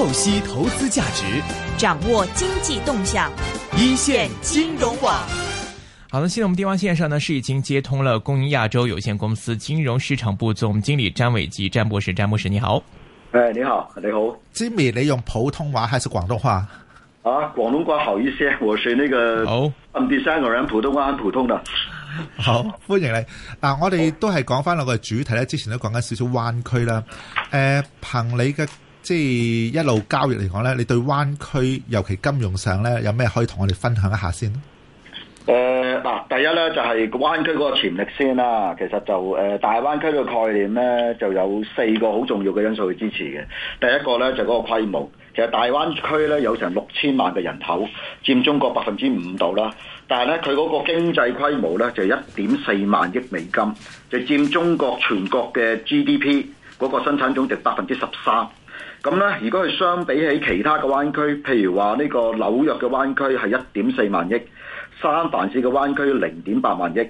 透析投資價值，掌握經濟動向，一線金融網。好的，現在我們電話線上呢是已經接通了工銀亞洲有限公司金融市場部總經理詹偉基。詹博士，詹博士你好。誒，你好，你好，Jimmy，你用普通話還是廣東話？啊，廣東話好一些，我學呢、那個。好，咁第三個人普通話很普通的。好，歡迎你。嗱、啊，我哋、哦、都係講翻我個主題呢，之前都講緊少少灣區啦。誒、呃，憑你嘅。即係一路交易嚟講咧，你對灣區尤其金融上咧有咩可以同我哋分享一下先？誒，嗱，第一咧就係、是、灣區嗰個潛力先啦。其實就誒、呃、大灣區嘅概念咧，就有四個好重要嘅因素去支持嘅。第一個咧就嗰，是、個規模，其實大灣區咧有成六千萬嘅人口，佔中國百分之五度啦。但係咧佢嗰個經濟規模咧就一點四萬億美金，就佔中國全國嘅 GDP 嗰個生產總值百分之十三。咁咧，如果係相比起其他嘅灣區，譬如話呢個紐約嘅灣區係一點四萬億，三藩市嘅灣區零點八萬億，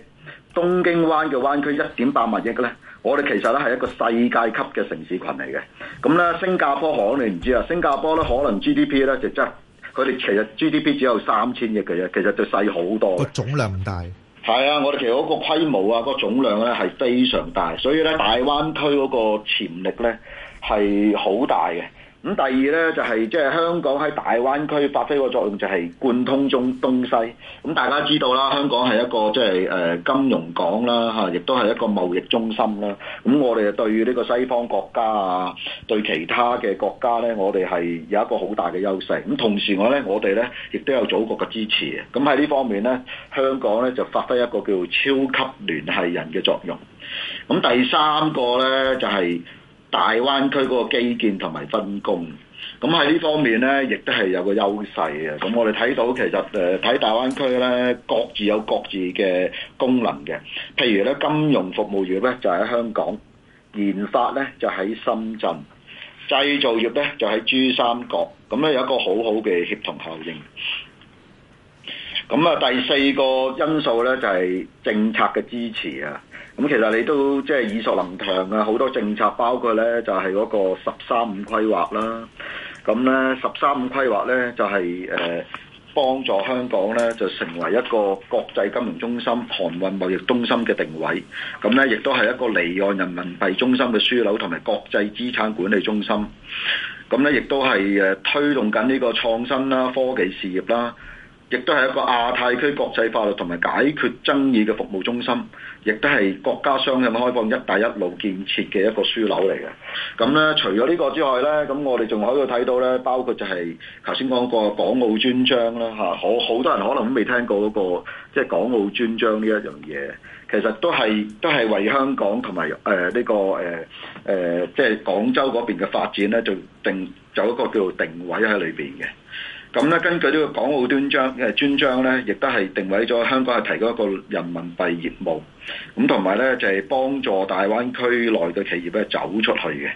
東京灣嘅灣區一點八萬億咧，我哋其實咧係一個世界級嘅城市群嚟嘅。咁咧，新加坡可能你唔知啊，新加坡咧可能 GDP 咧就即係，佢哋其實 GDP 只有三千億嘅啫，其實就細好多。個總量大，係啊，我哋其實嗰個規模啊，個總量咧係非常大，所以咧大灣區嗰個潛力咧。係好大嘅。咁第二呢，就係即係香港喺大灣區發揮個作用就係貫通中東西。咁大家知道啦，香港係一個即係誒金融港啦吓，亦都係一個貿易中心啦。咁、啊、我哋對呢個西方國家啊，對其他嘅國家呢，我哋係有一個好大嘅優勢。咁、啊、同時我呢，我哋呢，亦都有祖國嘅支持。咁喺呢方面呢，香港呢就發揮一個叫超級聯繫人嘅作用。咁、啊、第三個呢，就係、是。大灣區嗰個基建同埋分工，咁喺呢方面咧，亦都係有個優勢嘅。咁我哋睇到其實誒，睇、呃、大灣區咧，各自有各自嘅功能嘅。譬如咧，金融服務業咧就喺香港，研發咧就喺深圳，製造業咧就喺珠三角。咁咧有一個好好嘅協同效應。咁啊，第四個因素咧就係、是、政策嘅支持啊。咁其實你都即係耳熟能詳啊！好多政策包括呢就係嗰個十三五規劃啦。咁呢十三五規劃呢，就係誒幫助香港呢，就成為一個國際金融中心、航運貿易中心嘅定位。咁呢，亦都係一個離岸人民幣中心嘅樞紐，同埋國際資產管理中心。咁呢，亦都係誒推動緊呢個創新啦、科技事業啦，亦都係一個亞太區國際法律同埋解決爭議嘅服務中心。亦都係國家雙向開放一帶一路建設嘅一個樞紐嚟嘅。咁咧，除咗呢個之外咧，咁我哋仲可以睇到咧，包括就係頭先講過港澳專章啦嚇。好，好多人可能都未聽過嗰個，即係港澳專章呢一樣嘢。其實都係都係為香港同埋誒呢個誒誒，即係廣州嗰邊嘅發展咧，就定就一個叫做定位喺裏邊嘅。咁咧，根據呢個港澳專章，因為專章咧，亦都係定位咗香港係提供一個人民幣業務，咁同埋咧就係幫助大灣區內嘅企業咧走出去嘅。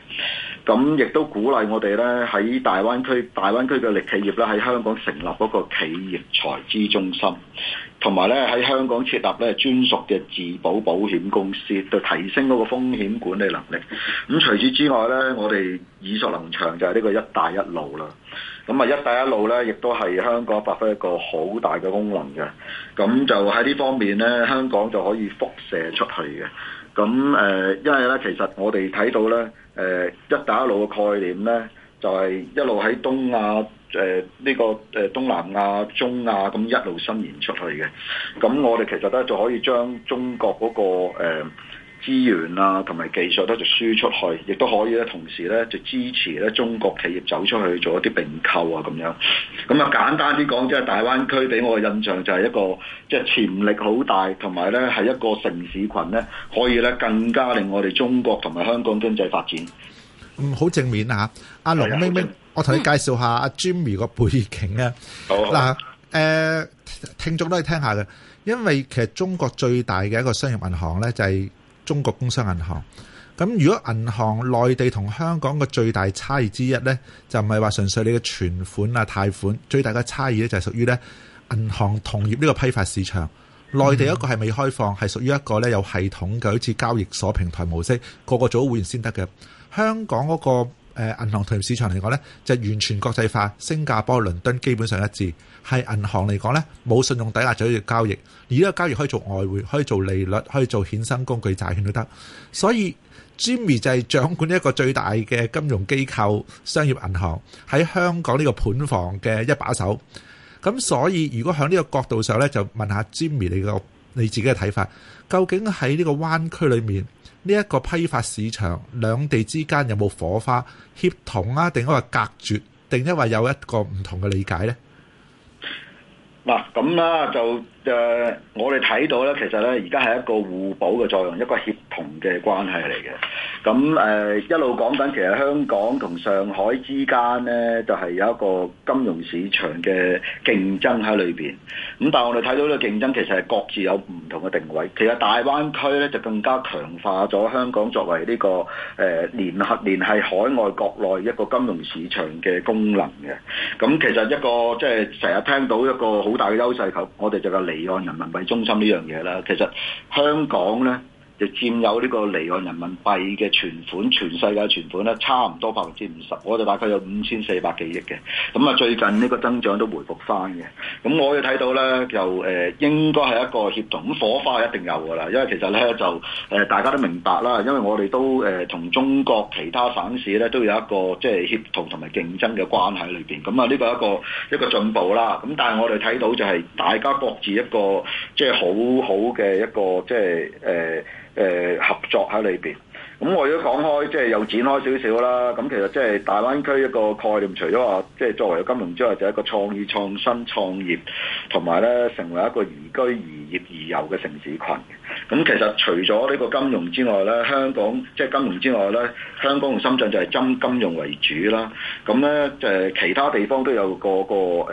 咁亦都鼓勵我哋咧喺大灣區，大灣區嘅力企業咧喺香港成立嗰個企業財資中心，同埋咧喺香港設立咧專屬嘅自保保險公司，就提升嗰個風險管理能力。咁除此之外咧，我哋耳熟能詳就係呢個一帶一路啦。咁啊，一帶一路咧，亦都係香港發揮一個好大嘅功能嘅。咁就喺呢方面咧，香港就可以輻射出去嘅。咁誒、呃，因為咧，其實我哋睇到咧，誒、呃，一帶一路嘅概念咧，就係一路喺東亞，誒，呢個，誒，東南亞、中亞咁一路伸延出去嘅。咁我哋其實咧，就可以將中國嗰個誒。呃資源啦，同埋技術都就輸出去，亦都可以咧，同時咧，就支持咧中國企業走出去做一啲並購啊，咁樣咁啊。簡單啲講，即係大灣區俾我嘅印象就係一個即係潛力好大，同埋咧係一個城市群咧，可以咧更加令我哋中國同埋香港經濟發展。嗯，好正面啊！阿龍咪咪，我同你介紹下阿、嗯、Jimmy 個背景啊。好、呃、嗱，誒聽眾都係聽下嘅，因為其實中國最大嘅一個商業銀行咧就係、是。中國工商銀行咁，如果銀行內地同香港嘅最大差異之一呢，就唔係話純粹你嘅存款啊、貸款，最大嘅差異呢，就係屬於呢銀行同業呢個批發市場，內地一個係未開放，係屬於一個呢有系統嘅好似交易所平台模式，個個組會員先得嘅，香港嗰個。誒、呃、銀行、同業市場嚟講呢，就完全國際化，新加坡、倫敦基本上一致。係銀行嚟講呢，冇信用抵押就去做交易，而呢個交易可以做外匯，可以做利率，可以做衍生工具、債券都得。所以 Jimmy 就係掌管一個最大嘅金融機構商業銀行喺香港呢個盤房嘅一把手。咁所以如果喺呢個角度上呢，就問下 Jimmy 你個。你自己嘅睇法，究竟喺呢個灣區裏面呢一、這個批發市場，兩地之間有冇火花協同啊？定係話隔絕？定因為有一個唔同嘅理解呢？嗱、啊，咁啦、啊，就誒、呃，我哋睇到呢，其實呢而家係一個互補嘅作用，一個協。同嘅關係嚟嘅，咁誒、呃、一路講緊，其實香港同上海之間呢，就係、是、有一個金融市場嘅競爭喺裏邊。咁但係我哋睇到呢個競爭，其實係各自有唔同嘅定位。其實大灣區呢，就更加強化咗香港作為呢、這個誒聯、呃、合連係海外國內一個金融市場嘅功能嘅。咁其實一個即係成日聽到一個好大嘅優勢，就我哋就叫離岸人民幣中心呢樣嘢啦。其實香港呢。就佔有呢個離岸人民幣嘅存款，全世界存款咧差唔多百分之五十，我哋大概有五千四百幾億嘅。咁啊，最近呢個增長都回復翻嘅。咁我哋睇到咧，就誒應該係一個協同，火花一定有㗎啦。因為其實咧就誒大家都明白啦，因為我哋都誒同中國其他省市咧都有一個即係協同同埋競爭嘅關係裏邊。咁啊，呢個一個一個進步啦。咁但係我哋睇到就係大家各自一個即係、即係、好好嘅一個即係誒。即係呃誒、呃、合作喺裏邊，咁我如果講開，即係又展開少少啦。咁其實即係大灣區一個概念，除咗話即係作為金融之外，就係、是、一個創意、創新、創業，同埋咧成為一個宜居、宜業、宜遊嘅城市群。咁其實除咗呢個金融之外咧，香港即係、就是、金融之外咧，香港同深圳就係針金融為主啦。咁咧誒，其他地方都有個個誒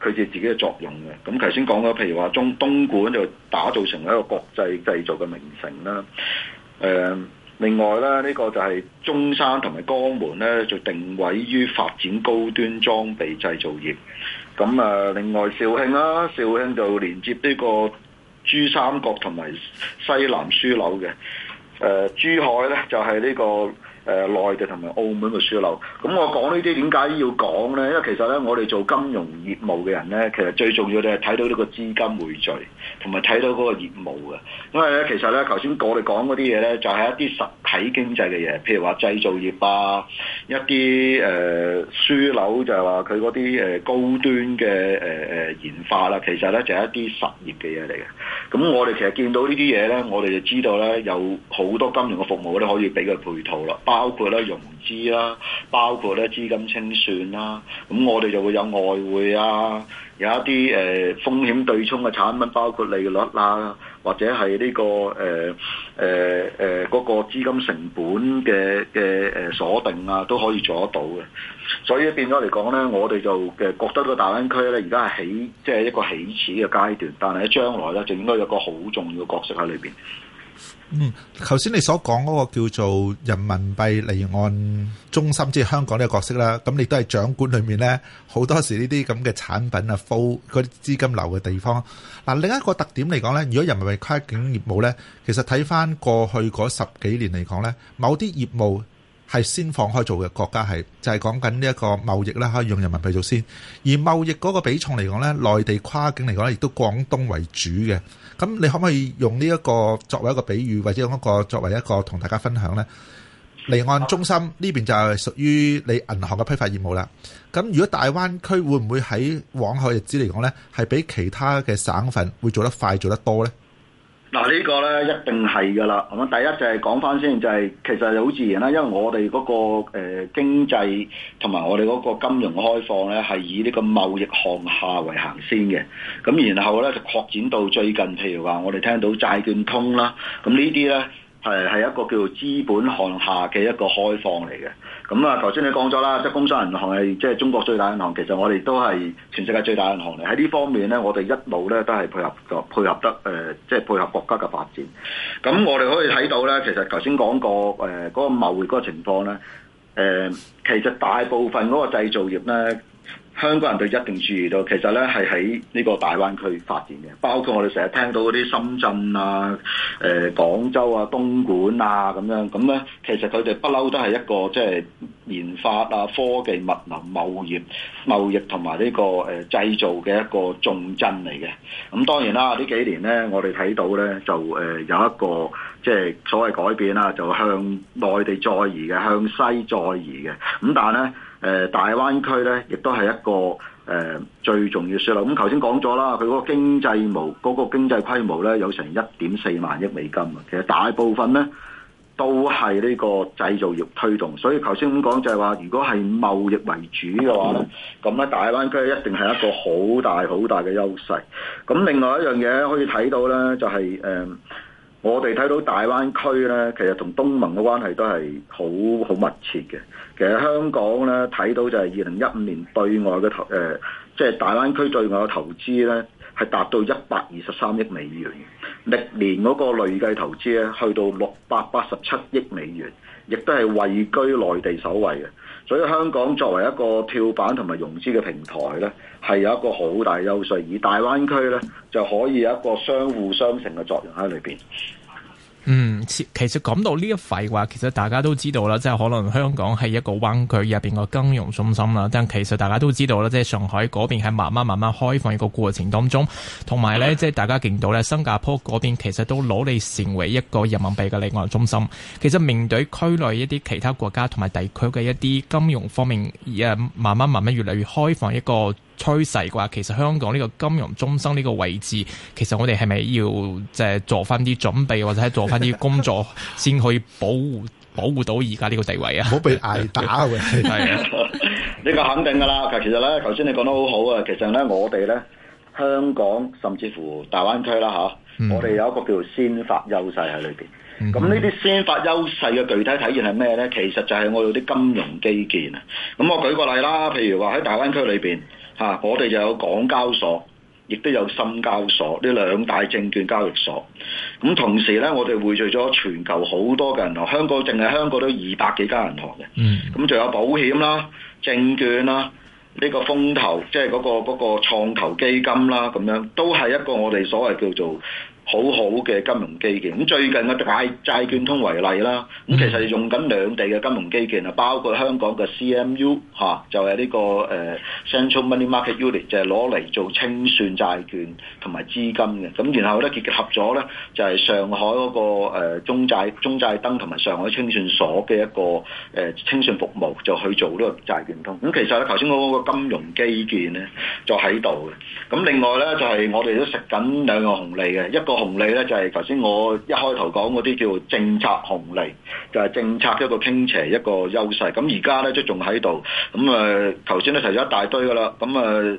佢哋自己嘅作用嘅。咁頭先講咗，譬如話中東莞就打造成一個國際製造嘅名城啦。誒、呃，另外咧，呢、這個就係中山同埋江門咧，就定位於發展高端裝備製造業。咁啊、呃，另外肇慶啦，肇慶就連接呢、這個。珠三角同埋西南樞紐嘅，誒、呃、珠海咧就係、是、呢、這個誒、呃、內地同埋澳門嘅樞紐。咁、嗯、我講呢啲點解要講咧？因為其實咧，我哋做金融業務嘅人咧，其實最重要就係睇到呢個資金匯聚，同埋睇到嗰個業務嘅。因為咧，其實咧，頭先我哋講嗰啲嘢咧，就係、是、一啲實睇經濟嘅嘢，譬如話製造業啊，一啲誒輸樓就係話佢嗰啲誒高端嘅誒誒研發啦，其實咧就係一啲實業嘅嘢嚟嘅。咁我哋其實見到呢啲嘢咧，我哋就知道咧有好多金融嘅服務咧可以俾佢配套咯，包括咧融資啦，包括咧資金清算啦，咁我哋就會有外匯啊，有一啲誒風險對沖嘅產品，包括利率啦。或者係呢個誒誒誒嗰個資金成本嘅嘅誒鎖定啊，都可以做得到嘅。所以變咗嚟講咧，我哋就誒覺得個大灣區咧，而家係起即係一個起始嘅階段，但係喺將來咧，就應該有個好重要嘅角色喺裏邊。嗯，頭先你所講嗰個叫做人民幣離岸中心，即係香港呢個角色啦，咁你都係掌管裏面呢好多時呢啲咁嘅產品啊，flow 嗰啲資金流嘅地方。嗱，啊，另一個特點嚟講呢，如果人民幣跨境業務呢，其實睇翻過去嗰十幾年嚟講呢，某啲業務，係先放開做嘅國家係，就係講緊呢一個貿易啦，可以用人民幣做先。而貿易嗰個比重嚟講咧，內地跨境嚟講咧，亦都廣東為主嘅。咁你可唔可以用呢一個作為一個比喻，或者用一個作為一個同大家分享咧？離岸中心呢邊就係屬於你銀行嘅批發業務啦。咁如果大灣區會唔會喺往後日子嚟講咧，係比其他嘅省份會做得快、做得多咧？嗱呢個咧一定係嘅啦，咁第一就係講翻先、就係，就係其實好自然啦，因為我哋嗰個誒經濟同埋我哋嗰個金融開放咧，係以呢個貿易項下為行先嘅，咁然後咧就擴展到最近，譬如話我哋聽到債券通啦，咁呢啲咧係係一個叫做資本項下嘅一個開放嚟嘅。咁啊，頭先、嗯、你講咗啦，即係工商銀行係即係中國最大銀行，其實我哋都係全世界最大銀行嚟。喺呢方面咧，我哋一路咧都係配合配合得誒、呃，即係配合國家嘅發展。咁、嗯、我哋可以睇到咧，其實頭先講過誒嗰、呃那個貿易嗰個情況咧，誒、呃、其實大部分嗰個製造業咧。香港人就一定注意到，其實咧係喺呢個大灣區發展嘅，包括我哋成日聽到嗰啲深圳啊、誒、呃、廣州啊、東莞啊咁樣，咁咧其實佢哋不嬲都係一個即係、就是、研發啊、科技、物流、貿易、貿易同埋呢個誒製、呃、造嘅一個重鎮嚟嘅。咁、嗯、當然啦，呢幾年咧我哋睇到咧就誒有一個即係、就是、所謂改變啦，就向內地再移嘅，向西再移嘅。咁但係咧。誒、呃、大灣區咧，亦都係一個誒、呃、最重要說話。咁頭先講咗啦，佢嗰個經濟模，嗰、那個經濟規模咧有成一點四萬億美金啊！其實大部分咧都係呢個製造業推動，所以頭先咁講就係話，如果係貿易為主嘅話，咁咧大灣區一定係一個好大好大嘅優勢。咁另外一樣嘢可以睇到咧，就係、是、誒。呃我哋睇到大灣區咧，其實同東盟嘅關係都係好好密切嘅。其實香港咧睇到就係二零一五年對外嘅投誒，即係、呃、就是、大灣區對外嘅投資咧，係達到一百二十三億美元，歷年嗰個累計投資咧去到六百八十七億美元，亦都係位居內地首位嘅。所以香港作為一個跳板、同埋融資嘅平台咧，係有一個好大優勢。而大灣區咧就可以有一個相輔相成嘅作用喺裏邊。嗯，其實講到呢一塊嘅話，其實大家都知道啦，即係可能香港係一個灣區入邊個金融中心啦。但其實大家都知道啦，即係上海嗰邊係慢慢慢慢開放一個過程當中，同埋咧，即係大家見到咧，新加坡嗰邊其實都努力成為一個人民幣嘅離岸中心。其實面對區內一啲其他國家同埋地區嘅一啲金融方面，誒，慢慢慢慢越嚟越開放一個。趨勢啩，其實香港呢個金融中心呢個位置，其實我哋係咪要即係做翻啲準備，或者做翻啲工作，先可以保護保護到而家呢個地位啊？唔好被挨打嘅，係啊，呢個肯定噶啦。其實咧，頭先你講得好好啊。其實咧，我哋咧。香港甚至乎大灣區啦，嚇、啊，嗯、我哋有一個叫做先發優勢喺裏邊。咁呢啲先發優勢嘅具體體現係咩呢？其實就係我哋啲金融基建啊。咁我舉個例啦，譬如話喺大灣區裏邊嚇，我哋就有港交所，亦都有深交所呢兩大證券交易所。咁同時呢，我哋匯聚咗全球好多嘅銀行，香港淨係香港都二百幾家銀行嘅。咁仲、嗯、有保險啦、證券啦。呢個風投，即係嗰個嗰個創投基金啦，咁樣都係一個我哋所謂叫做。好好嘅金融基建，咁最近嘅債債券通為例啦，咁其實用緊兩地嘅金融基建啦，包括香港嘅 CMU 嚇，就係呢個誒 Central Money Market Unit，就係攞嚟做清算債券同埋資金嘅。咁然後咧，結合咗咧就係上海嗰個誒中債中債登同埋上海清算所嘅一個誒清算服務，就去做呢個債券通。咁其實咧，頭先嗰個金融基建咧就喺度嘅。咁另外咧，就係我哋都食緊兩個紅利嘅，一個。紅利咧就係頭先我一開頭講嗰啲叫政策紅利，就係、是、政策一個傾斜一個優勢。咁而家咧即仲喺度。咁誒，頭先咧提咗一大堆噶啦。咁誒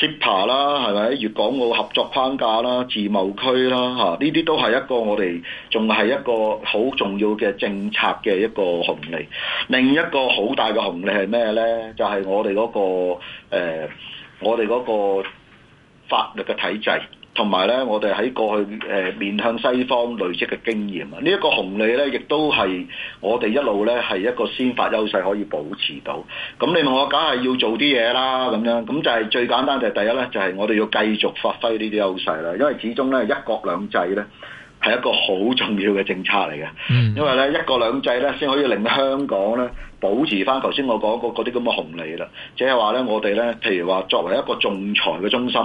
SIPA 啦，係咪粵港澳合作框架啦、自貿區啦吓，呢、啊、啲都係一個我哋仲係一個好重要嘅政策嘅一個紅利。另一個好大嘅紅利係咩咧？就係、是、我哋嗰、嗰個誒、呃，我哋嗰個法律嘅體制。同埋咧，我哋喺過去誒、呃、面向西方累積嘅經驗啊，呢、這、一個紅利咧，亦都係我哋一路咧係一個先發優勢可以保持到。咁你問我，梗係要做啲嘢啦，咁樣咁就係、是、最簡單、就是，就係第一咧，就係我哋要繼續發揮呢啲優勢啦。因為始終咧一國兩制咧係一個好重要嘅政策嚟嘅，嗯、因為咧一國兩制咧先可以令香港咧保持翻頭先我講過嗰啲咁嘅紅利啦。即係話咧，我哋咧譬如話作為一個仲裁嘅中心。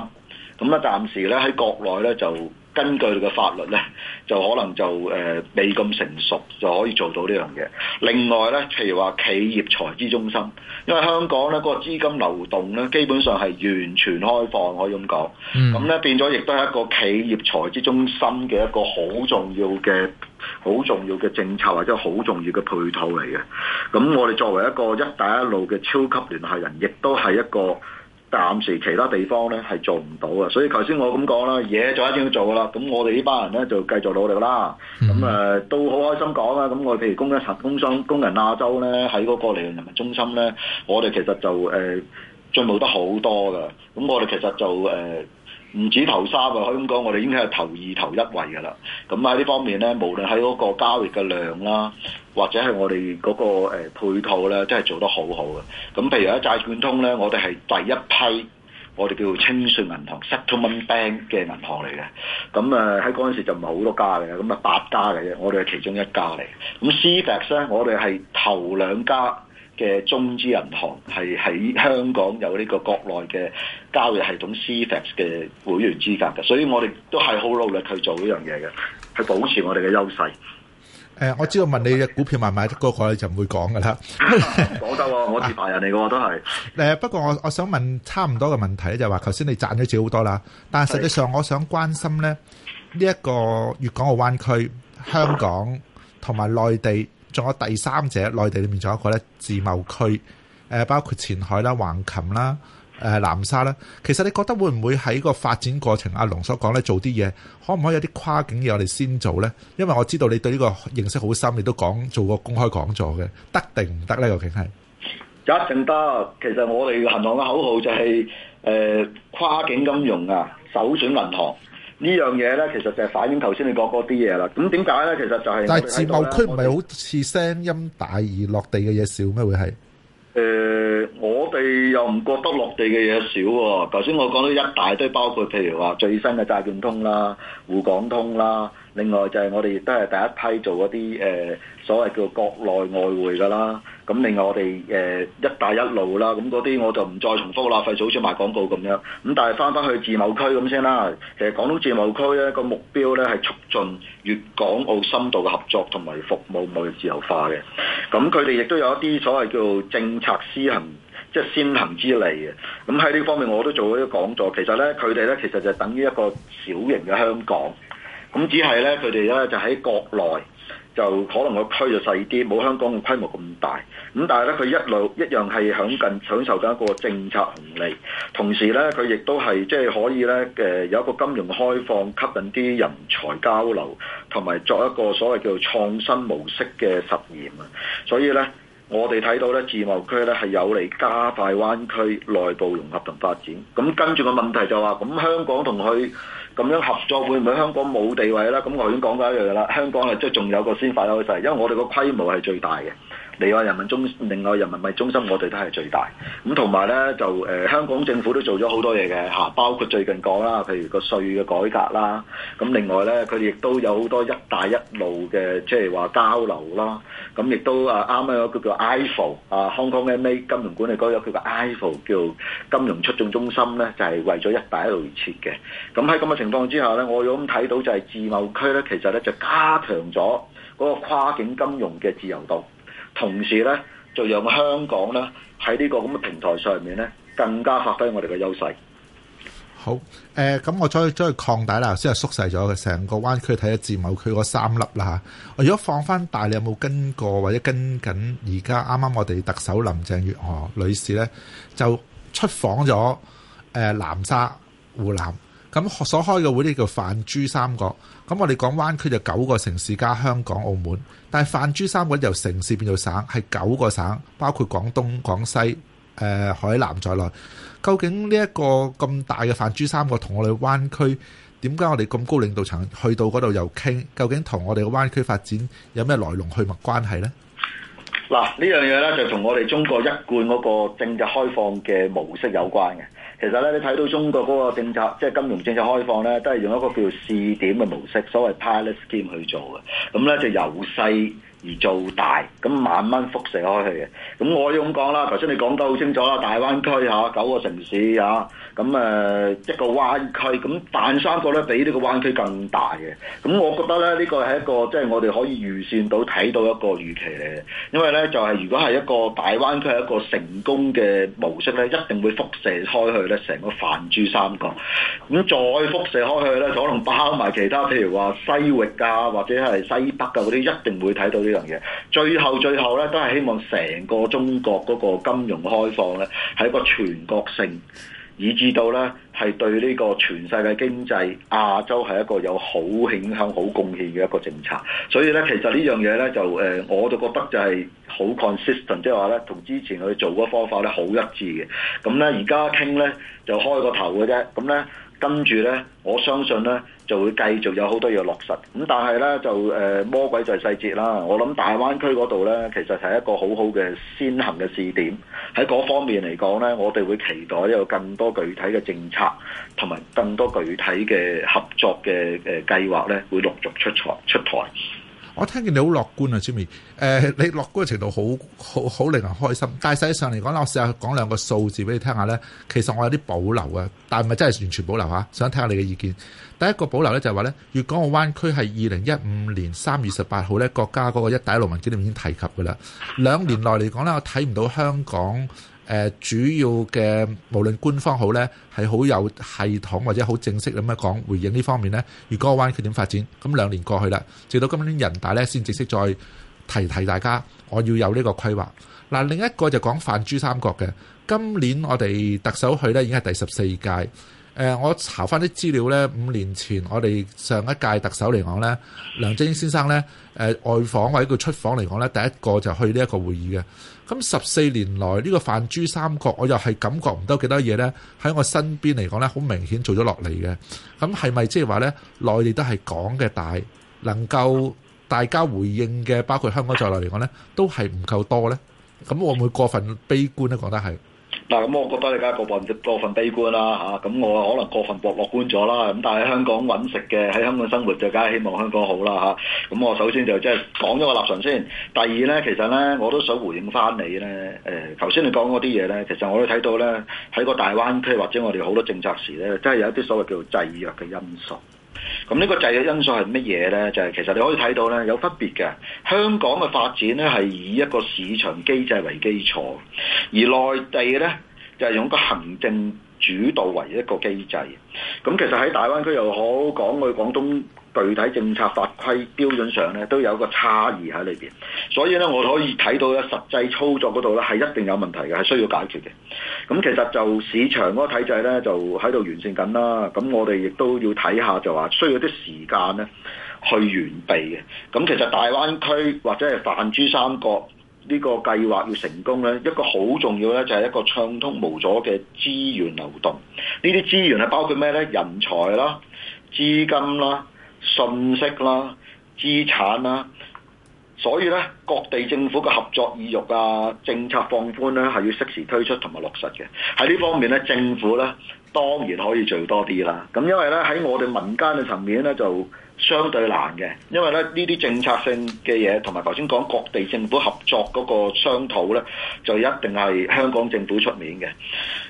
咁啊，暫時咧喺國內咧就根據你嘅法律咧，就可能就誒未咁成熟，就可以做到呢樣嘢。另外咧，譬如話企業財資中心，因為香港咧個資金流動咧基本上係完全開放，可以咁講，咁咧、嗯、變咗亦都係一個企業財資中心嘅一個好重要嘅、好重要嘅政策或者好重要嘅配套嚟嘅。咁我哋作為一個一帶一路嘅超級聯繫人，亦都係一個。暫時其他地方咧係做唔到嘅，所以頭先我咁講啦，嘢就一定要做啦，咁我哋呢班人咧就繼續努力啦。咁誒、呃、都好開心講啦，咁我哋譬如工一工商工人亞洲咧喺嗰個嚟人民中心咧，我哋其實就誒、呃、進步得好多噶，咁我哋其實就誒。呃唔止頭三啊，可以咁講，我哋應該係頭二頭一位嘅啦。咁喺呢方面咧，無論喺嗰個交易嘅量啦，或者係我哋嗰、嗰個、呃、配套咧，真係做得好好嘅。咁譬如喺債券通咧，我哋係第一批，我哋叫做清算銀行 （settlement bank） 嘅銀行嚟嘅。咁誒喺嗰陣時就唔係好多家嚟嘅，咁啊八家嚟嘅，我哋係其中一家嚟。咁 CDS 咧，我哋係頭兩家。嘅中資銀行係喺香港有呢個國內嘅交易系統 CFAX 嘅會員資格嘅，所以我哋都係好努力去做呢樣嘢嘅，去保持我哋嘅優勢。誒，我知道問你嘅股票買賣嗰個你就唔會講㗎啦，講得，我係法人嚟嘅我都係。誒，不過我我想問差唔多嘅問題咧，就係話頭先你賺咗錢好多啦，但係實際上我想關心咧呢一個粵港澳灣區、香港同埋內地。仲有第三者，內地裏面仲有一個咧，自貿區，誒、呃、包括前海啦、橫琴啦、誒、呃、南沙啦。其實你覺得會唔會喺個發展過程，阿龍所講咧做啲嘢，可唔可以有啲跨境嘢我哋先做咧？因為我知道你對呢個認識好深，你都講做過公開講座嘅，得定唔得呢？究竟係一定得？其實我哋銀行嘅口號就係、是、誒、呃、跨境金融啊，首選銀行。樣呢樣嘢咧，其實就係反映頭先你講嗰啲嘢啦。咁點解咧？其實就係但係自貿區唔係好似聲音大而落地嘅嘢少咩？會係？誒，我哋又唔覺得落地嘅嘢少啊。頭先我講咗一大堆，包括譬如話最新嘅債券通啦、滬港通啦。另外就係我哋亦都係第一批做嗰啲誒所謂叫國內外匯噶啦，咁另外我哋誒一帶一路啦，咁嗰啲我就唔再重複啦，費事好似賣廣告咁樣。咁但係翻返去自貿區咁先啦。其實廣東自貿區咧個目標咧係促進粵港澳深度嘅合作同埋服務貿易自由化嘅。咁佢哋亦都有一啲所謂叫政策施行，即係先行之利嘅。咁喺呢方面我都做咗一個講座。其實咧佢哋咧其實就等於一個小型嘅香港。咁只係咧，佢哋咧就喺國內，就可能個區就細啲，冇香港嘅規模咁大。咁但係咧，佢一路一樣係享近享受緊一個政策紅利，同時咧，佢亦都係即係可以咧，誒有一個金融開放，吸引啲人才交流，同埋作一個所謂叫做創新模式嘅實驗啊。所以咧，我哋睇到咧，自貿區咧係有利加快灣區內部融合同發展。咁跟住個問題就話，是，咁香港同佢。咁樣合作會唔會香港冇地位啦？咁我已經講咗一樣嘅啦，香港啊即係仲有個先發優勢，因為我哋個規模係最大嘅。另外人民中，另外人民幣中心，我哋都係最大。咁同埋咧，就誒、呃、香港政府都做咗好多嘢嘅吓，包括最近講啦，譬如個稅嘅改革啦。咁另外咧，佢哋亦都有好多「一帶一路」嘅，即係話交流啦。咁亦都 vo, 啊，啱啱有個叫 IFC h 啊，香港 MA 金融管理局有佢個 IFC 叫金融出眾中心咧，就係、是、為咗「一帶一路」而設嘅。咁喺咁嘅情況之下咧，我有咁睇到就係自貿區咧，其實咧就加強咗嗰個跨境金融嘅自由度。同時咧，就讓香港咧喺呢個咁嘅平台上面咧，更加發揮我哋嘅優勢。好，誒、呃、咁我再，再去擴大啦，先係縮細咗嘅成個灣區睇下自貿區，佢嗰三粒啦嚇。如果放翻大，你有冇跟過或者跟緊？而家啱啱我哋特首林鄭月娥女士咧，就出訪咗誒、呃、南沙湖南，咁所開嘅會呢叫泛珠三角。咁我哋講灣區就九個城市加香港、澳門，但係泛珠三角由城市變做省，係九個省，包括廣東、廣西、誒海南在內。究竟呢一個咁大嘅泛珠三角同我哋灣區，點解我哋咁高領導層去到嗰度又傾？究竟同我哋嘅灣區發展有咩來龍去脈關係呢？嗱，呢樣嘢咧就同我哋中國一貫嗰個政治開放嘅模式有關嘅。其實咧，你睇到中國嗰個政策，即係金融政策開放咧，都係用一個叫做試點嘅模式，所謂 pilot scheme 去做嘅，咁咧就由細。而做大，咁慢慢輻射開去嘅。咁我要咁講啦，頭先你講得好清楚啦，大灣區吓九個城市吓，咁誒一個灣區，咁但三個咧比呢個灣區更大嘅。咁我覺得咧，呢個係一個即係、就是、我哋可以預算到、睇到一個預期嚟嘅，因為咧，就係如果係一個大灣區係一個成功嘅模式咧，一定會輻射開去咧，成個泛珠三角，咁再輻射開去咧，就可能包埋其他，譬如話西域啊，或者係西北啊嗰啲，一定會睇到呢、這個樣嘢，最後最後咧，都係希望成個中國嗰個金融開放咧，係一個全國性，以至到咧係對呢個全世界經濟、亞洲係一個有好影響、好貢獻嘅一個政策。所以咧，其實呢樣嘢咧就誒，我就覺得就係好 consistent，即係話咧，同之前佢做嗰個方法咧好一致嘅。咁咧，而家傾咧就開個頭嘅啫。咁咧，跟住咧，我相信咧。就會繼續有好多嘢落實，咁但係呢，就誒、呃、魔鬼就係細節啦。我諗大灣區嗰度呢，其實係一個好好嘅先行嘅試點，喺嗰方面嚟講呢，我哋會期待有更多具體嘅政策同埋更多具體嘅合作嘅誒計劃呢，會陸續出台出台。我聽見你好樂觀啊，Jimmy。誒、呃，你樂觀嘅程度好好好令人開心。但實際上嚟講咧，我試下講兩個數字俾你聽下咧。其實我有啲保留啊，但係唔真係完全保留嚇，想聽下你嘅意見。第一個保留咧就係話咧，粵港澳灣區係二零一五年三月十八號咧，國家嗰個一帶一路文件裏已經提及嘅啦。兩年內嚟講咧，我睇唔到香港。誒、呃、主要嘅無論官方好呢，係好有系統或者好正式咁樣講回應呢方面呢，如果灣佢點發展？咁兩年過去啦，直到今年人大呢，先正式再提提大家，我要有呢個規劃。嗱、呃，另一個就講泛珠三角嘅，今年我哋特首去呢，已經係第十四屆。誒、呃，我查翻啲資料呢，五年前我哋上一屆特首嚟講呢，梁振英先生呢，誒、呃、外訪或者佢出訪嚟講呢，第一個就去呢一個會議嘅。咁十四年來呢個泛珠三角，我又係感覺唔到幾多嘢呢，喺我身邊嚟講呢，好明顯做咗落嚟嘅。咁係咪即係話呢？內地都係講嘅大，能夠大家回應嘅，包括香港在內嚟講呢，都係唔夠多呢。咁我會唔會過分悲觀呢？覺得係？嗱，咁、啊、我覺得你而家過分過份悲觀啦嚇，咁、啊、我可能過分過樂觀咗啦。咁但係香港揾食嘅，喺香港生活就梗係希望香港好啦嚇。咁、啊、我首先就即係講咗個立場先。第二呢，其實呢，我都想回應翻你呢。誒、呃，頭先你講嗰啲嘢呢，其實我都睇到呢，喺個大灣區或者我哋好多政策時呢，真係有一啲所謂叫做制約嘅因素。咁呢個制約因素係乜嘢呢？就係、是、其實你可以睇到呢，有分別嘅。香港嘅發展呢，係以一個市場機制為基礎，而內地呢，就係、是、用一個行政主導為一個機制。咁其實喺大灣區又好，講去廣東，具體政策、法規、標準上咧都有個差異喺裏邊，所以咧我可以睇到咧實際操作嗰度咧係一定有問題嘅，係需要解決嘅。咁其實就市場嗰個體制咧就喺度完善緊啦。咁我哋亦都要睇下，就話需要啲時間咧去完備嘅。咁其實大灣區或者係泛珠三角呢個計劃要成功咧，一個好重要咧就係一個暢通無阻嘅資源流動。呢啲資源係包括咩咧？人才啦，資金啦。信息啦、資產啦，所以咧，各地政府嘅合作意欲啊、政策放寬咧，係要適時推出同埋落實嘅。喺呢方面咧，政府咧當然可以做多啲啦。咁因為咧喺我哋民間嘅層面咧，就相對難嘅，因為咧呢啲政策性嘅嘢，同埋頭先講各地政府合作嗰個商討咧，就一定係香港政府出面嘅。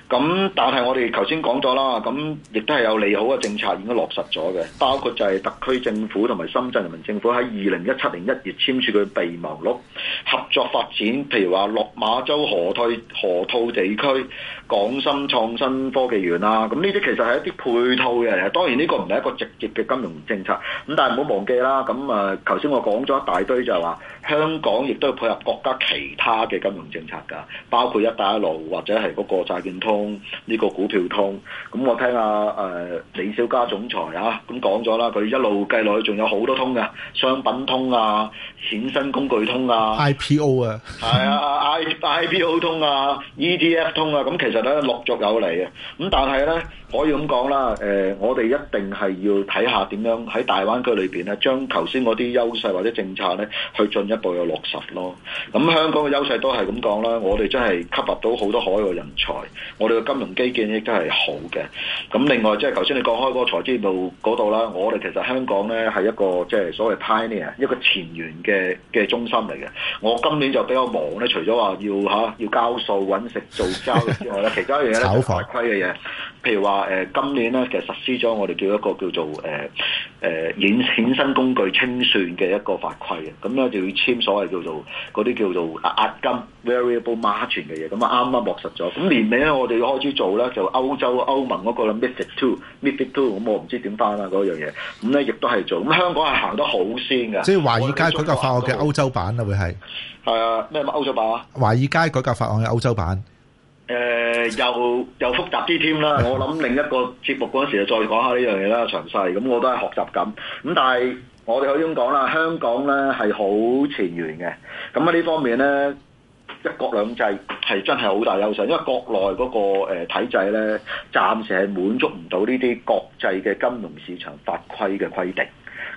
咁但係我哋頭先講咗啦，咁亦都係有利好嘅政策已經落實咗嘅，包括就係特區政府同埋深圳人民政府喺二零一七年一月簽署嘅備忘錄合作發展，譬如話落馬洲河套河套地區港深創新科技園啦，咁呢啲其實係一啲配套嘅嚟，當然呢個唔係一個直接嘅金融政策，咁但係唔好忘記啦，咁誒頭先我講咗一大堆就係話香港亦都要配合國家其他嘅金融政策㗎，包括一帶一路或者係嗰個債券通通呢個股票通，咁我聽下、啊、誒、呃、李小加總裁啊，咁講咗啦，佢一路計落去，仲有好多通嘅，商品通啊、衍生工具通啊、IPO 啊，係啊、 I I P O 通啊、E T F 通啊，咁、嗯、其實咧陸續有嚟嘅，咁、嗯、但係咧。可以咁講啦，誒、呃，我哋一定係要睇下點樣喺大灣區裏邊咧，將頭先嗰啲優勢或者政策咧，去進一步嘅落實咯。咁、嗯、香港嘅優勢都係咁講啦，我哋真係吸納到好多海外人才，我哋嘅金融基建亦都係好嘅。咁、嗯、另外即係頭先你講開嗰個財資部嗰度啦，我哋其實香港咧係一個即係所謂 pioneer，一個前沿嘅嘅中心嚟嘅。我今年就比較忙咧，除咗話要吓、啊、要交數揾食、做交易之外咧，其他嘢咧好大規嘅嘢，譬如話。話、呃、今年咧其實實施咗我哋叫一個叫做誒誒衍衍生工具清算嘅一個法規嘅，咁咧就要簽所謂叫做嗰啲叫做押金 variable margin 嘅嘢，咁啊啱啱落實咗。咁年尾咧我哋要開始做咧，就歐洲歐盟嗰、嗰個 MiFID two MiFID two，咁我唔知點翻啦嗰樣嘢。咁、嗯、咧亦都係做，咁香港係行得好先嘅。即係華爾街改革法案嘅歐洲版啦，會係係啊咩歐洲版啊？華爾街改革法案嘅歐洲版。誒、呃、又又複雜啲添啦，我諗另一個節目嗰陣時就再講下呢樣嘢啦，詳細。咁我都係學習緊。咁但係我哋可以咁講啦，香港咧係好前沿嘅。咁喺呢方面咧，一國兩制係真係好大優勢，因為國內嗰個誒體制咧，暫時係滿足唔到呢啲國際嘅金融市場法規嘅規定。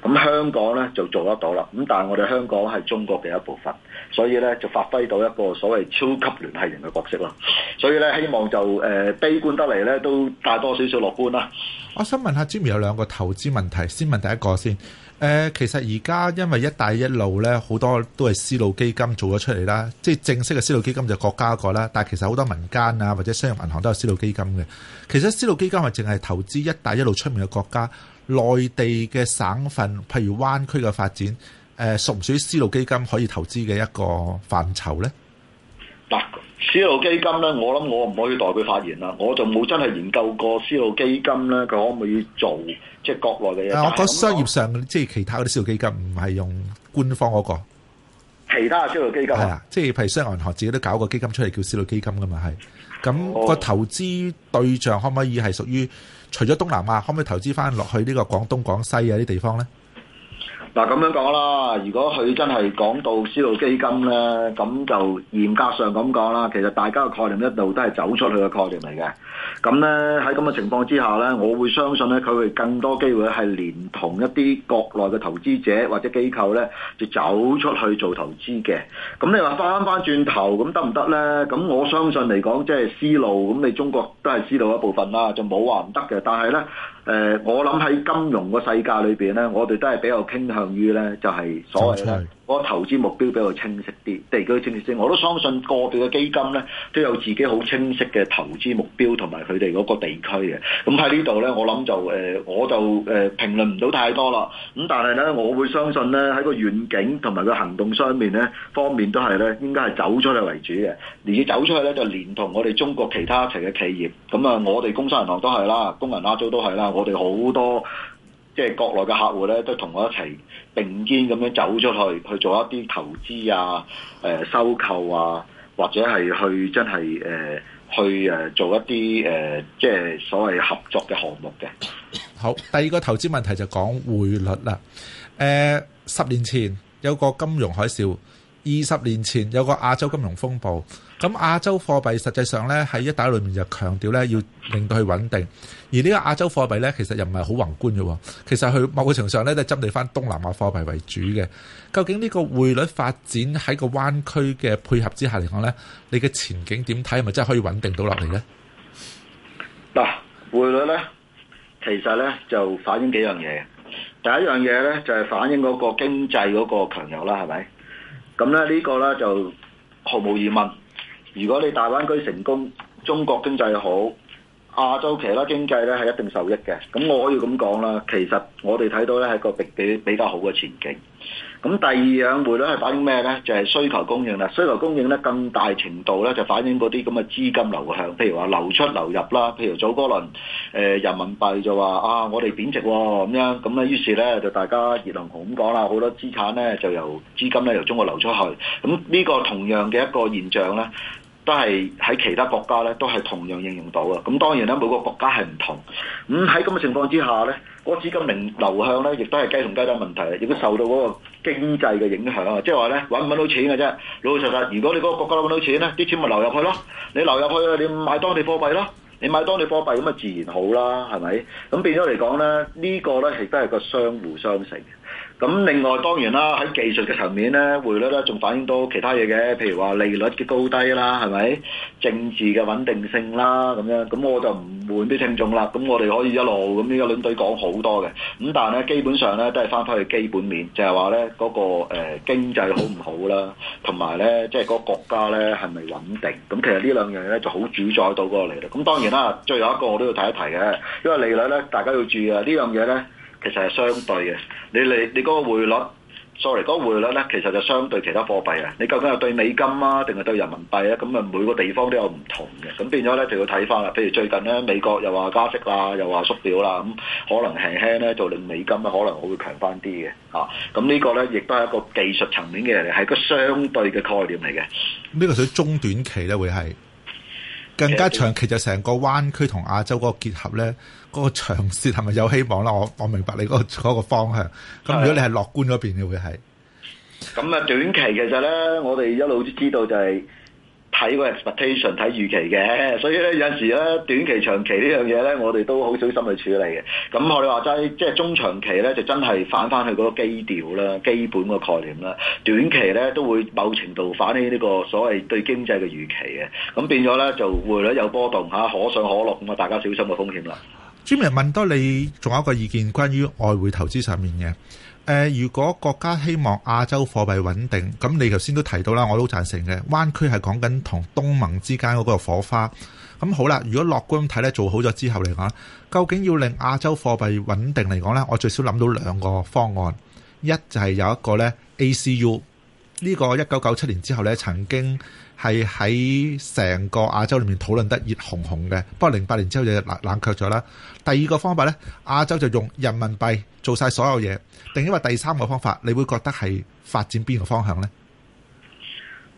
咁香港咧就做得到啦。咁但係我哋香港係中國嘅一部分。所以咧就發揮到一個所謂超級聯繫人嘅角色啦，所以咧希望就誒、呃、悲觀得嚟咧都帶多少少樂觀啦。我想問下 Jimmy 有兩個投資問題，先問第一個先。誒、呃，其實而家因為一帶一路咧，好多都係絲路基金做咗出嚟啦，即係正式嘅絲路基金就國家一個啦，但係其實好多民間啊或者商業銀行都有絲路基金嘅。其實絲路基金係淨係投資一帶一路出面嘅國家、內地嘅省份，譬如灣區嘅發展。誒屬唔屬於絲路基金可以投資嘅一個範疇咧？嗱，絲路基金咧，我諗我唔可以代表發言啦，我就冇真係研究過絲路基金咧，佢可唔可以做即係國內嘅嘢？但 我講商業上即係我其他啲絲路基金唔係用官方嗰、那個，其他嘅絲路基金係啊，即係、啊、譬如商業銀行自己都搞個基金出嚟叫絲路基金㗎嘛，係。咁、那個投資對象可唔可以係屬於、oh。除咗東南亞，可唔可以投資返落去呢個廣東廣西啊啲地方咧？嗱咁樣講啦，如果佢真係講到絲路基金咧，咁就嚴格上咁講啦，其實大家嘅概念一路都係走出去嘅概念嚟嘅。咁咧，喺咁嘅情況之下咧，我會相信咧，佢會更多機會係連同一啲國內嘅投資者或者機構咧，就走出去做投資嘅。咁你話翻翻轉頭咁得唔得咧？咁我相信嚟講，即係絲路咁，你中國都係絲路一部分啦，就冇話唔得嘅。但係咧。誒，我諗喺金融嘅世界裏邊咧，我哋都係比較傾向於咧，就係所謂咧。個投資目標比較清晰啲，地區都清晰啲。我都相信個別嘅基金咧都有自己好清晰嘅投資目標同埋佢哋嗰個地區嘅。咁喺呢度咧，我諗就誒、呃，我就誒評論唔到太多啦。咁但係咧，我會相信咧喺個遠景同埋個行動上面咧，方面都係咧應該係走出去為主嘅。而且走出去咧，就連同我哋中國其他一齊嘅企業，咁啊，我哋工商銀行都係啦，工銀亞洲都係啦，我哋好多。即係國內嘅客戶呢，都同我一齊並肩咁樣走出去去做一啲投資啊、誒、呃、收購啊，或者係去真係誒、呃、去誒做一啲誒即係所謂合作嘅項目嘅。好，第二個投資問題就講匯率啦。誒、呃，十年前有個金融海嘯。二十年前有個亞洲金融風暴，咁亞洲貨幣實際上咧喺一帶裏面就強調咧要令到佢穩定，而呢個亞洲貨幣咧其實又唔係好宏觀嘅，其實佢某個程度上咧都針對翻東南亞貨幣為主嘅。究竟呢個匯率發展喺個灣區嘅配合之下嚟講咧，你嘅前景點睇，係咪真係可以穩定到落嚟咧？嗱、啊，匯率咧其實咧就反映幾樣嘢，第一樣嘢咧就係、是、反映嗰個經濟嗰個強弱啦，係咪？咁咧呢個咧就毫無疑問，如果你大灣區成功，中國經濟好，亞洲其他經濟咧係一定受益嘅。咁我可以咁講啦，其實我哋睇到咧係個比比比較好嘅前景。咁第二樣匯率係反映咩呢？就係、是、需求供應啦。需求供應咧，更大程度咧就反映嗰啲咁嘅資金流向，譬如話流出流入啦。譬如早嗰輪、呃，人民幣就話啊，我哋貶值喎、哦，咁樣咁咧，於是咧就大家熱龍熊咁講啦，好多資產咧就由資金咧由中國流出去。咁呢個同樣嘅一個現象咧。都係喺其他國家咧，都係同樣應用到嘅。咁當然咧，每個國家係唔同。咁喺咁嘅情況之下咧，嗰資金流向咧，亦都係雞同雞鬥問題，亦都受到嗰個經濟嘅影響。即係話咧，揾唔揾到錢嘅啫。老實講，如果你嗰個國家揾到錢咧，啲錢咪流入去咯。你流入去，你買當地貨幣咯。你買當地貨幣咁啊，自然好啦，係咪？咁變咗嚟講咧，這個、呢個咧，亦都係個相互相成。咁另外當然啦，喺技術嘅層面咧，匯率咧仲反映到其他嘢嘅，譬如話利率嘅高低啦，係咪政治嘅穩定性啦，咁樣咁我就唔換啲聽眾啦。咁我哋可以一路咁呢一輪隊講好多嘅。咁但係咧，基本上咧都係翻返去基本面，就係話咧嗰個誒、呃、經濟好唔好啦，同埋咧即係嗰個國家咧係咪穩定。咁其實兩呢兩樣咧就好主宰到嗰個利率。咁當然啦，最後一個我都要提一提嘅，因為利率咧，大家要注意啊，樣呢樣嘢咧。其實係相對嘅，你你你嗰個匯率，sorry，嗰個匯率咧，其實就相對其他貨幣啊，你究竟係對美金啊，定係對人民幣咧？咁啊，每個地方都有唔同嘅，咁變咗咧就要睇翻啦。譬如最近咧，美國又話加息啦，又話縮表啦，咁、嗯、可能輕輕咧做你美金啊，可能會強翻啲嘅嚇。咁、啊、呢個咧亦都係一個技術層面嘅嚟，係個相對嘅概念嚟嘅。呢個屬於中短期咧，會係。更加長期就成個灣區同亞洲嗰個結合咧，嗰個長線係咪有希望咧？我我明白你嗰嗰個方向。咁如果你係樂觀嗰邊，你會係。咁啊，短期其實咧，我哋一路都知道就係。睇個 expectation，睇預期嘅，所以咧有陣時咧短期、長期呢樣嘢咧，我哋都好小心去處理嘅。咁我哋話齋，即係中長期咧，就真係反翻去嗰個基調啦、基本個概念啦。短期咧都會某程度反映呢個所謂對經濟嘅預期嘅。咁變咗咧就匯率有波動嚇，可上可落，咁啊大家小心個風險啦。Jimmy 問多你仲有一個意見，關於外匯投資上面嘅。誒、呃，如果國家希望亞洲貨幣穩定，咁你頭先都提到啦，我都贊成嘅。灣區係講緊同東盟之間嗰個火花。咁好啦，如果樂觀睇咧，做好咗之後嚟講，究竟要令亞洲貨幣穩定嚟講呢？我最少諗到兩個方案。一就係有一個呢 A C U，呢個一九九七年之後呢，曾經係喺成個亞洲裡面討論得熱紅紅嘅，不過零八年之後就冷冷卻咗啦。第二個方法呢，亞洲就用人民幣。做晒所有嘢，定因為第三個方法，你會覺得係發展邊個方向咧？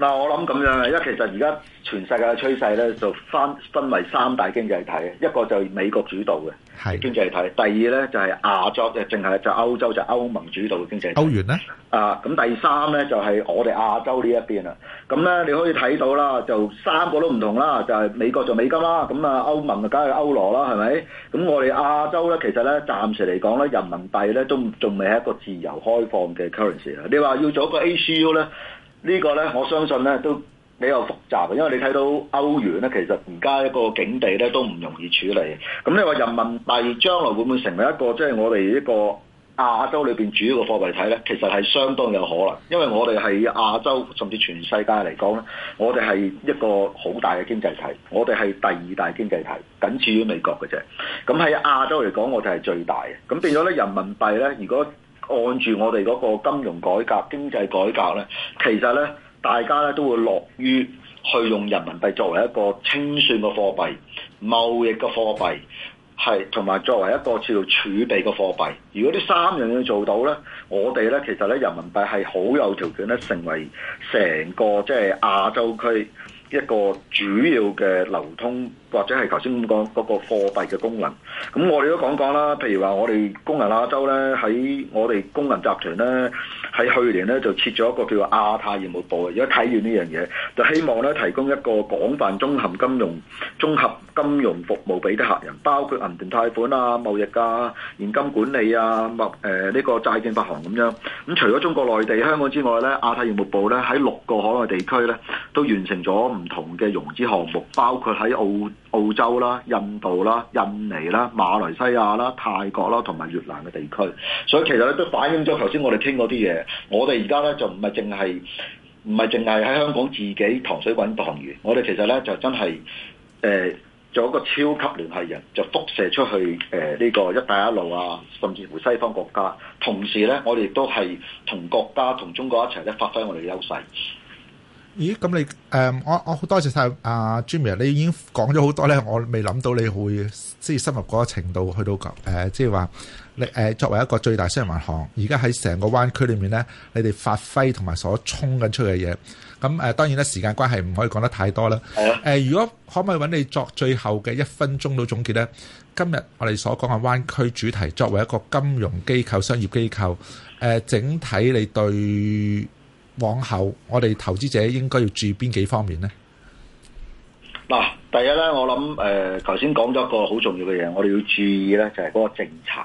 嗱，我諗咁樣嘅，因為其實而家全世界嘅趨勢咧，就分分為三大經濟體，一個就係美國主導嘅經濟體，第二咧就係亞洲嘅，淨係就歐洲就是、歐盟主導嘅經濟體。歐元咧？啊，咁第三咧就係我哋亞洲呢一邊啊。咁咧你可以睇到啦，就三個都唔同啦，就係、是、美國就美金啦，咁啊歐盟就梗係歐羅啦，係咪？咁我哋亞洲咧，其實咧暫時嚟講咧，人民幣咧都仲未係一個自由開放嘅 currency 啊。你話要做一個 ACU 咧？呢個呢，我相信呢都比較複雜嘅，因為你睇到歐元呢，其實而家一個境地呢都唔容易處理。咁你話人民幣將來會唔會成為一個即係、就是、我哋一個亞洲裏邊主要嘅貨幣體呢？其實係相當有可能，因為我哋係亞洲甚至全世界嚟講呢，我哋係一個好大嘅經濟體，我哋係第二大經濟體，僅次於美國嘅啫。咁喺亞洲嚟講，我哋係最大嘅。咁變咗呢人民幣呢，如果按住我哋嗰個金融改革、經濟改革咧，其實咧，大家咧都會樂於去用人民幣作為一個清算嘅貨幣、貿易嘅貨幣，係同埋作為一個叫做儲備嘅貨幣，如果呢三樣嘢做到咧，我哋咧其實咧人民幣係好有條件咧成為成個即係、就是、亞洲區一個主要嘅流通。或者係頭先咁講嗰個貨幣嘅功能，咁我哋都講講啦。譬如話，我哋工銀亞洲咧喺我哋工銀集團咧喺去年咧就設咗一個叫做亞太業務部。如果睇完呢樣嘢，就希望咧提供一個廣泛綜合金融、綜合金融服務俾啲客人，包括銀團貸款啊、貿易啊、現金管理啊、物誒呢個債券發行咁樣。咁除咗中國內地、香港之外咧，亞太業務部咧喺六個海外地區咧都完成咗唔同嘅融資項目，包括喺澳澳洲啦、印度啦、印尼啦、馬來西亞啦、泰國啦同埋越南嘅地區，所以其實咧都反映咗頭先我哋傾嗰啲嘢。我哋而家咧就唔係淨係唔係淨係喺香港自己糖水滾糖源，我哋其實咧就真係誒、呃、做一個超級聯繫人，就輻射出去誒呢、呃呢個一帶一路啊，甚至乎西方國家。同時咧，我哋亦都係同國家同中國一齊咧發揮我哋嘅優勢。咦，咁你誒、呃，我我好多謝晒阿、啊、Jimmy 你已經講咗好多咧，我未諗到你會即係深入嗰個程度去，去到咁誒，即係話你誒、呃，作為一個最大商業銀行，而家喺成個灣區裏面咧，你哋發揮同埋所衝緊出嘅嘢。咁、呃、誒，當然咧，時間關係唔可以講得太多啦。誒、呃，如果可唔可以揾你作最後嘅一分鐘到總結咧？今日我哋所講嘅灣區主題，作為一個金融機構、商業機構，誒、呃，整體你對？往後我哋投資者應該要注意邊幾方面呢？嗱，啊，第一咧，我諗誒，頭先講咗一個好重要嘅嘢，我哋要注意呢，就係嗰個政策。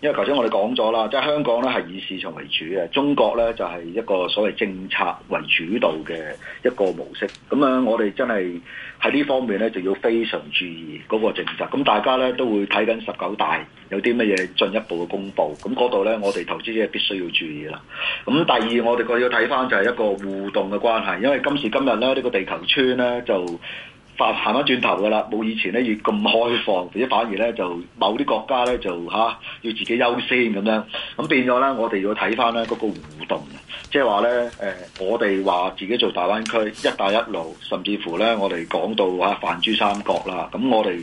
因為頭先我哋講咗啦，即係香港咧係以市場為主嘅，中國咧就係一個所謂政策為主導嘅一個模式。咁樣，我哋真係喺呢方面咧，就要非常注意嗰個政策。咁大家咧都會睇緊十九大有啲乜嘢進一步嘅公布。咁嗰度咧，我哋投資者必須要注意啦。咁第二，我哋個要睇返就係一個互動嘅關係，因為今時今日咧，呢個地球村咧就。行翻轉頭㗎啦，冇以前咧，越咁開放，或者反而咧，就某啲國家咧，就吓、啊、要自己優先咁樣，咁變咗咧，我哋要睇翻咧嗰個互動，即係話咧，誒、呃，我哋話自己做大灣區、一帶一路，甚至乎咧，我哋講到啊泛珠三角啦，咁我哋。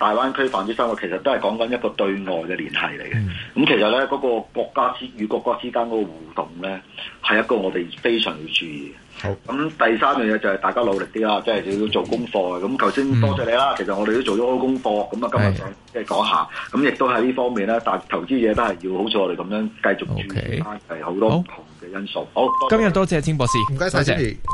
大灣區繁榮生活其實都係講緊一個對外嘅聯繫嚟嘅，咁、嗯、其實咧嗰、那個國家之與國家之間嗰個互動咧，係一個我哋非常要注意嘅。好，咁第三樣嘢就係大家努力啲啦，即係要做功課，咁頭先多謝你啦，嗯、其實我哋都做咗好多功課，咁啊今日想即係講下，咁的亦都喺呢方面咧，但投資者都係要好似我哋咁樣繼續注意翻係好多唔同嘅因素。好，今日多謝詹博士，唔該曬。謝